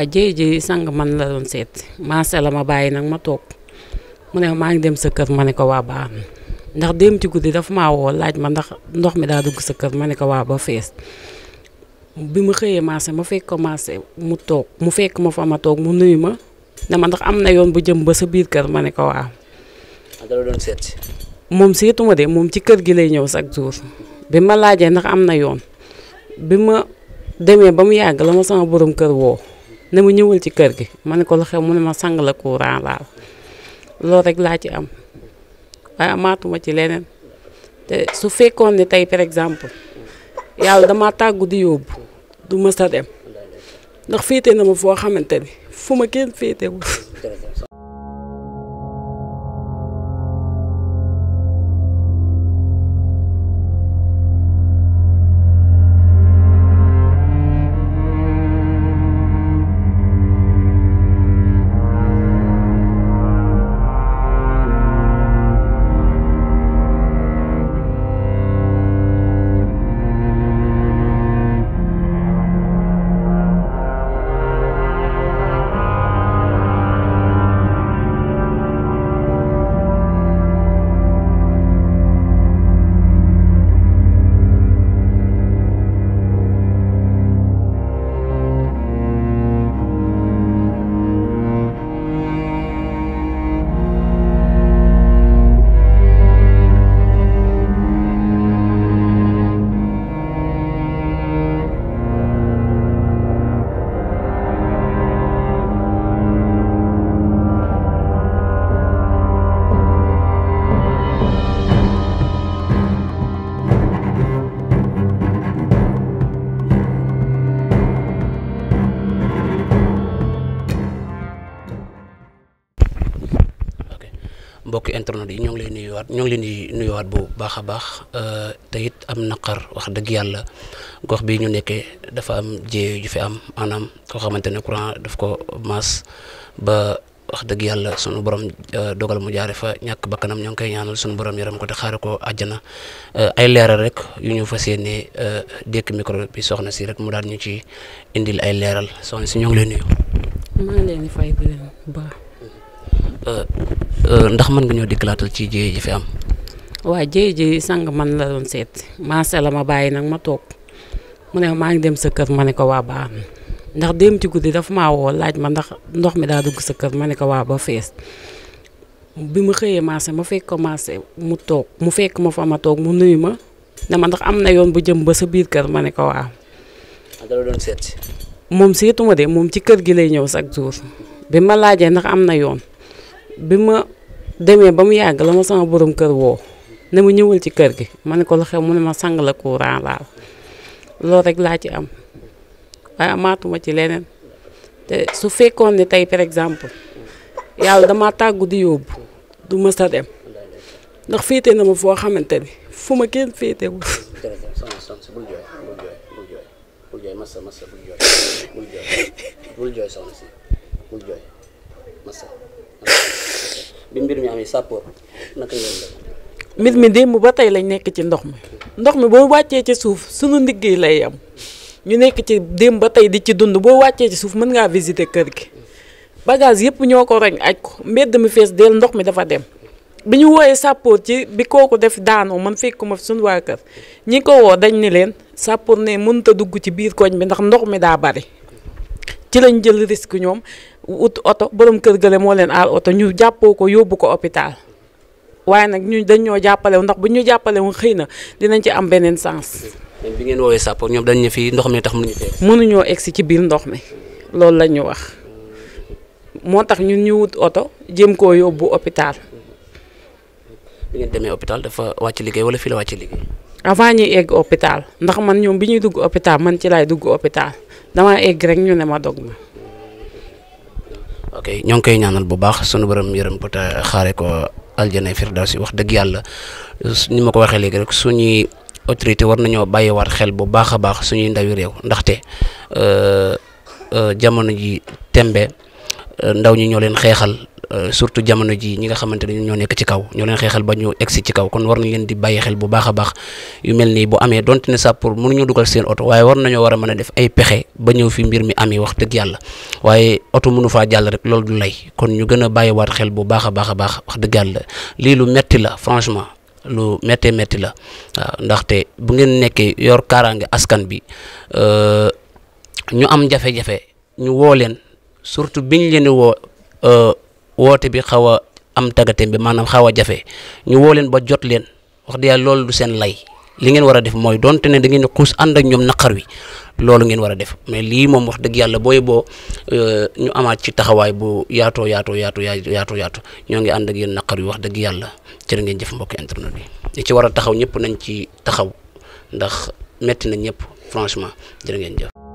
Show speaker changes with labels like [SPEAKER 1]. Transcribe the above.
[SPEAKER 1] a jéy-jéy sang man la doon seet maase la ma bàyyi nag ma toog mu ne maa ngi dem sa kër ma ne ko waa baax na ndax dem ci guddi dafa ma woo laaj ma ndax ndox mi daa dugg sa kër ma ne ko waa ba fees bi mu xëyee maase ma fekk ko mu toog mu fekk ma fa ma toog mu nuyu ma ne ndax am na yoon bu jëm ba sa biir kër ma ne ko waa ah, dala doon seet moom seetuma de moom ci kër gi lay ñëw chaque jour bi ma laajee ndax am na yoon bi ma demee ba mu yàgg la ma sama borom kër woo ne mu ñëwal ci kër gi ma ne ko lu xew mu ne ma sang la courant laal loolu rek laa ci am waaye amaatuma ci leneen te su fekkoon ni tey par exemple yàlla dama tàggu di yóbbu du mës a dem ndax féete na ma foo xamante ni fu ma kenn féetewul
[SPEAKER 2] mbokki internet yi ñoo ngi leen nuyuwaat ñoo ngi leen di nuyuwaat bu baax a baax euh, te it am naqar wax dëgg yàlla gox bi ñu nekkee dafa am jéeyo ju fi am maanaam koo xamante ne courant daf ko maas ba wax dëgg yàlla sunu borom euh, dogal mu jaare fa ñàkk bakkanam ñoo ngi koy ñaanal sunu borom yaram ko te xaare ko àjjana euh, ay leeral rek yu ñu fas yéenee dékk micro bi soxna si rek mu daal ñu ci indil ay leeral soxna si ñoo ngi leen nuyu.
[SPEAKER 1] maa leen di fay bu baax.
[SPEAKER 2] Euh, euh, ndax mën nga ñoo dikkilaatal ci jéye ji fi am
[SPEAKER 1] waaw jéye ji sang man la doon seet maase la ma bàyyi nag ma toog mu ne maa ngi dem sa kër ma ne ko waa baax na ndax dem ci dafa maa woo laaj ma ndax ndox mi daa dugg sa kër ma ne ko waa ba fees bi mu xëyee maase ma fekk ko maase mu toog mu fekk ma fa ma toog mu nuyu ma ne ma ndax am na yoon bu jëm ba sa biir kër ma ne ko waa
[SPEAKER 2] ah, dala doon seet
[SPEAKER 1] moom seetuma de moom ci kër gi lay ñëw chaque jour bi ma laajee ndax am na yoon bi ma demee ba mu yàgg la ma sama borom kër woo ne ma ñëwal ci kër gi ma ne ko lu xew mu ne ma sang la courant laal loolu rek laa ci am waaye amaatuma ci leneen te su fekkoon ni tey par exemple yàlla dama tàggu di yóbbu du mës a dem ndax féete na ma foo xamante bi fu ma kenn féetewul
[SPEAKER 2] bul jooy soxna bi mbir mi amee sàppoor
[SPEAKER 1] mbir mi démb ba tey lañ nekk ci ndox mi ndox mi boo wàccee ci suuf sunu ndigg yi lay am ñu nekk ci démb ba tey di ci dund boo wàccee ci suuf mën ngaa visité kër gi bagage yëpp ñoo ko roñ aj ko mbedd mi fees del ndox mi dafa dem bi ñu wooyee sàppoor ci bi kooku def daanoo man fekkuma fi sunu waa kër ñi ko woo dañ ni leen sàppoor ne mënut a dugg ci biir koñ bi ndax ndox mi daa bari ci lañ jël risque ñoom ut oto boroom kër ga gële moo leen aar oto ñu jàppoo ko yóbbu ko hôpital waaye nag ñu dañ ñoo jàppale ndax bu ñu jàppale xëy na dinañ ci am beneen sens.
[SPEAKER 2] bi ngeen woowee sàpp ñoom dañ ñu ndox mi tax mënuñu fee.
[SPEAKER 1] mënuñoo egg si ci biir ndox mi loolu lañ ñu wax moo tax ñun ñu wut oto jëm koo yóbbu hôpital.
[SPEAKER 2] bi ngeen demee hôpital dafa wàcc liggéey wala fii la wàcc liggéey.
[SPEAKER 1] avant ñuy egg hôpital ndax man ñoom bi ñuy dugg hôpital man ci laay dugg hôpital dama egg rek ñu ne ma dog ok ñoo
[SPEAKER 2] ngi koy ñaanal bu baax sunu borom yërëm ko te xaare ko aljana e si wax dëgg yàlla ni ma ko waxee léegi rek suñuy autorité war nañoo bàyyiwaat xel bu baax a baax suñuy ndawi réew ndaxte euh, euh, jamono ji tembe euh, ndaw ñi ñoo leen xeexal Euh, surtout jamono ji ñi nga xamante ne ñoo nekk ci kaw ñoo leen xeexal ba ñu egsi ci kaw kon war nañ leen di bàyyi xel bu baax a baax yu mel nii bu amee donte ne sàppour mënuñu dugal seen oto waaye war nañoo war a mën a def ay pexe ba ñëw fi mbir mi amee wax dëgg yàlla waaye oto mënu faa jàll rek loolu du lay kon ñu gën a waat xel bu baax baaxa baax a wax dëgg yàlla lii lu metti la franchement lu mettee métti la waaw ndaxte bu ngeen nekke yor kaaraange askan bi euh, ñu am jafe-jafe ñu woo woote bi xaw a am tagatem bi maanaam xaw a jafe ñu woo leen ba jot leen wax dëgg yàlla loolu du seen lay li ngeen war a def mooy donte ne da ngeen xuus ànd ak ñoom naqar wi loolu ngeen war a def mais lii moom wax dëgg yàlla booy boo euh, ñu amaat ci taxawaay bu yaatoo yaatoo yaatoo yaatoo yaatu ñoo ngi ànd ak yéen naqar wi wax dëgg yàlla cër ngeen jëf mbokki internet bi ñi ci war a taxaw ñëpp nañ ci taxaw ndax metti na ñëpp franchement jërë ngeen jëf